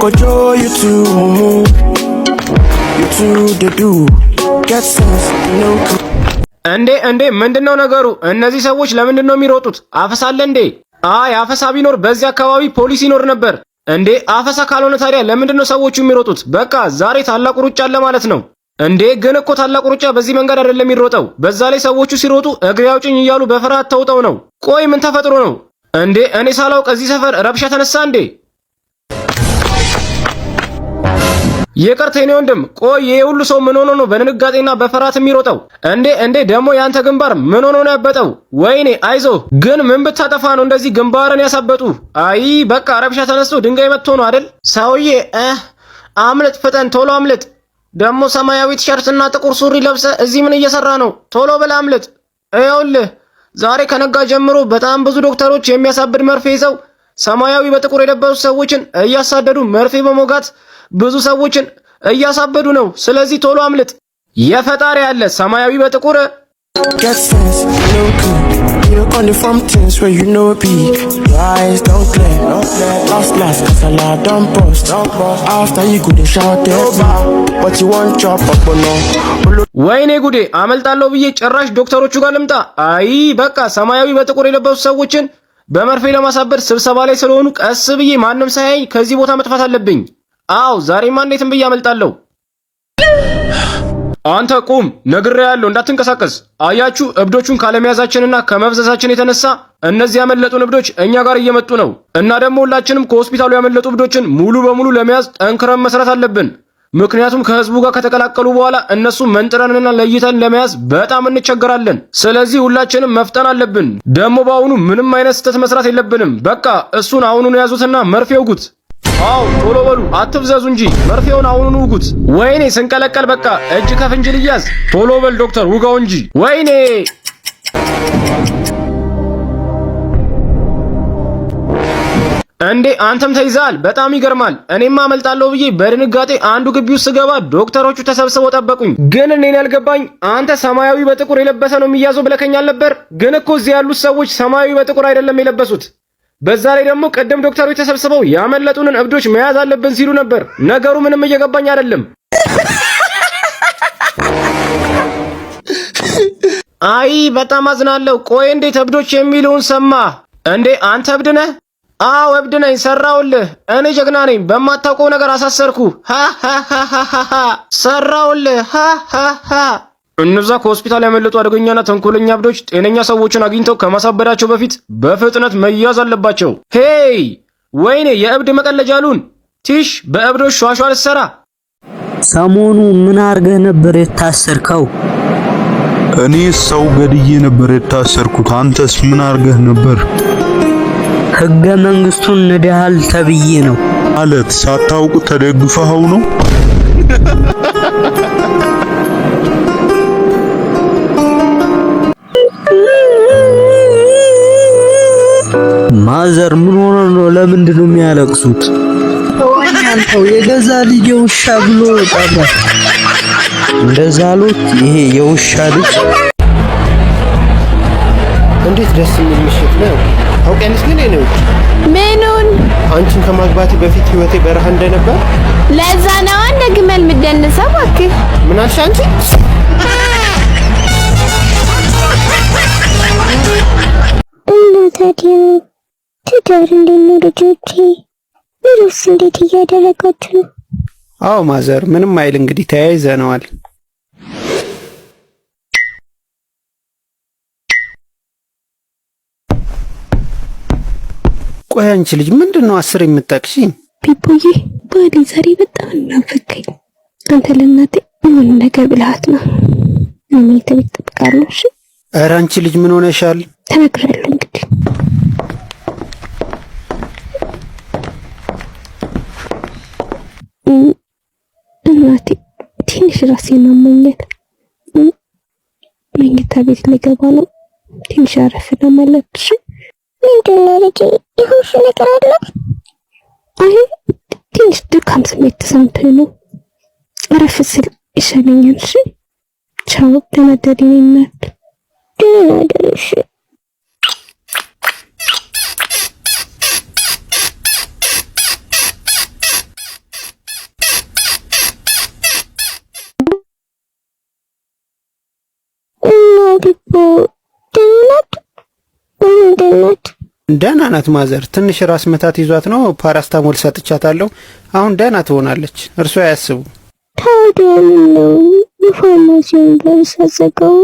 Kojo, you too, you too, the do. Get sense, no. እንዴ እንዴ፣ ምንድነው ነገሩ? እነዚህ ሰዎች ለምንድን ነው የሚሮጡት? አለ እንዴ? አይ አፈሳ ቢኖር በዚህ አካባቢ ፖሊስ ይኖር ነበር። እንዴ አፈሳ ካልሆነ ታዲያ ለምንድን ነው ሰዎቹ የሚሮጡት? በቃ ዛሬ ታላቁ ሩጫ አለ ማለት ነው። እንዴ ግን እኮ ታላቁ ሩጫ በዚህ መንገድ አይደለም የሚሮጠው። በዛ ላይ ሰዎቹ ሲሮጡ እግሬ አውጭኝ እያሉ በፍርሃት ተውጠው ነው። ቆይ ምን ተፈጥሮ ነው እንዴ? እኔ ሳላውቅ እዚህ ሰፈር ረብሻ ተነሳ እንዴ? ይቅርታ የኔ ወንድም። ቆይ ይሄ ሁሉ ሰው ምን ሆኖ ነው በድንጋጤና በፍርሃት የሚሮጠው? እንዴ እንዴ! ደግሞ ያንተ ግንባር ምን ሆኖ ነው ያበጠው? ወይኔ አይዞ። ግን ምን ብታጠፋ ነው እንደዚህ ግንባርን ያሳበጡ? አይ በቃ ረብሻ ተነስቶ ድንጋይ መጥቶ ነው አይደል? ሰውዬ እ አምልጥ፣ ፍጠን፣ ቶሎ አምልጥ። ደግሞ ሰማያዊ ቲሸርትና ጥቁር ሱሪ ለብሰ እዚህ ምን እየሰራ ነው? ቶሎ ብለ አምልጥ። ይኸውልህ ዛሬ ከነጋ ጀምሮ በጣም ብዙ ዶክተሮች የሚያሳብድ መርፌ ይዘው ሰማያዊ በጥቁር የለበሱ ሰዎችን እያሳደዱ መርፌ በሞጋት ብዙ ሰዎችን እያሳበዱ ነው። ስለዚህ ቶሎ አምልጥ። የፈጣሪ አለ ሰማያዊ በጥቁር ወይኔ ጉዴ አመልጣለሁ ብዬ ጭራሽ ዶክተሮቹ ጋር ልምጣ። አይ በቃ ሰማያዊ በጥቁር የለበሱ ሰዎችን በመርፌ ለማሳበድ ስብሰባ ላይ ስለሆኑ ቀስ ብዬ ማንም ሳያይ ከዚህ ቦታ መጥፋት አለብኝ። አዎ ዛሬማ እንዴትም ብዬ አመልጣለሁ። አንተ ቁም፣ ነግሬሃለሁ፣ እንዳትንቀሳቀስ። አያችሁ እብዶቹን ካለመያዛችንና ከመብዘሳችን የተነሳ እነዚህ ያመለጡን እብዶች እኛ ጋር እየመጡ ነው እና ደግሞ ሁላችንም ከሆስፒታሉ ያመለጡ እብዶችን ሙሉ በሙሉ ለመያዝ ጠንክረን መስራት አለብን። ምክንያቱም ከህዝቡ ጋር ከተቀላቀሉ በኋላ እነሱ መንጥረንና ለይተን ለመያዝ በጣም እንቸገራለን። ስለዚህ ሁላችንም መፍጠን አለብን። ደግሞ በአሁኑ ምንም አይነት ስህተት መስራት የለብንም። በቃ እሱን አሁኑን የያዙትና መርፌ ውጉት። አው ቶሎ በሉ አትብዘዙ እንጂ መርፌውን አሁኑን ውጉት። ወይኔ ስንቀለቀል በቃ እጅ ከፍንጅ ልያዝ። ቶሎ በል ዶክተር ውጋው እንጂ ወይኔ እንዴ አንተም ተይዛል። በጣም ይገርማል። እኔም አመልጣለሁ ብዬ በድንጋጤ አንዱ ግቢ ውስጥ ስገባ ዶክተሮቹ ተሰብስበው ጠበቁኝ። ግን እኔን ያልገባኝ አንተ ሰማያዊ በጥቁር የለበሰ ነው የሚያዘው ብለከኝ አልነበር? ግን እኮ እዚህ ያሉት ሰዎች ሰማያዊ በጥቁር አይደለም የለበሱት። በዛ ላይ ደግሞ ቀደም ዶክተሮች ተሰብስበው ያመለጡንን እብዶች መያዝ አለብን ሲሉ ነበር። ነገሩ ምንም እየገባኝ አይደለም። አይ በጣም አዝናለሁ። ቆይ እንዴት እብዶች የሚሉን ሰማ እንዴ? አንተ እብድ ነህ? አዎ እብድ ነኝ፣ ሰራውልህ። እኔ ጀግና ነኝ፣ በማታውቀው ነገር አሳሰርኩ። ሰራውልህ። እነዛ ከሆስፒታል ያመለጡ አደገኛና ተንኮለኛ እብዶች ጤነኛ ሰዎችን አግኝተው ከማሳበዳቸው በፊት በፍጥነት መያዝ አለባቸው። ሄይ ወይኔ የእብድ መቀለጃ አሉን። ቲሽ በእብዶች ሿሿ ልትሰራ ሰሞኑ ምን አድርገህ ነበር የታሰርከው? እኔ ሰው ገድዬ ነበር የታሰርኩት። አንተስ ምን አድርገህ ነበር? ህገ መንግስቱን ንደሃል ተብዬ ነው። ማለት ሳታውቅ ተደግፈኸው ነው? ማዘር ምን ሆኖ ነው? ለምንድን ነው የሚያለቅሱት? አንተው የገዛ ልጅ የውሻ ብሎ ጣባ እንደዛ አሉት። ይሄ የውሻ ልጅ እንዴት ደስ የሚል ምሽት ነው። አውቀንስ ግን እኔ ምኑን አንቺን ከማግባቴ በፊት ህይወቴ በረሃ እንደነበር ለዛ ነው እንደ ግመል ምደንሰው። እባክህ ምን አልሽ አንቺ? እንዴት ታዲያ ትዳር እንዴት ነው ልጆቼ? ምሩስ እንዴት እያደረጋችሁ ነው? አዎ ማዘር፣ ምንም አይል እንግዲህ ተያይዘነዋል። ቆይ አንቺ ልጅ ምንድን ነው አስር የምጠቅሺ? ፒፖዬ ባሌ ዛሬ በጣም እናፈቀኝ። አንተ ለእናቴ ምን ነገር ብልሃት ነው እኔ ተብት ኧረ አንቺ ልጅ ምን ሆነሻል? ተነግራለሁ እንግዲህ ትንሽ ራሴን አመኛል። መኝታ ቤት ልገባ ነው። ትንሽ አረፍ ለማለት እሺ። ምንድን ነው ልጄ? የሆንሽ ነገር አለ? አይ ትንሽ ድካም ስሜት ተሰምቶኝ ነው። አረፍ ስል ይሻለኛል። እሺ ቻው። ደህና ደሪ ናት። ደህና ደሪ። ደህና ናት ማዘር። ትንሽ ራስ መታት ይዟት ነው ፓራስታሞል ሰጥቻታለሁ። አሁን ደህና ትሆናለች፣ እርሶ አያስቡ። ታዲያ ምነው የፋርማሲውን በር ሳዘጋው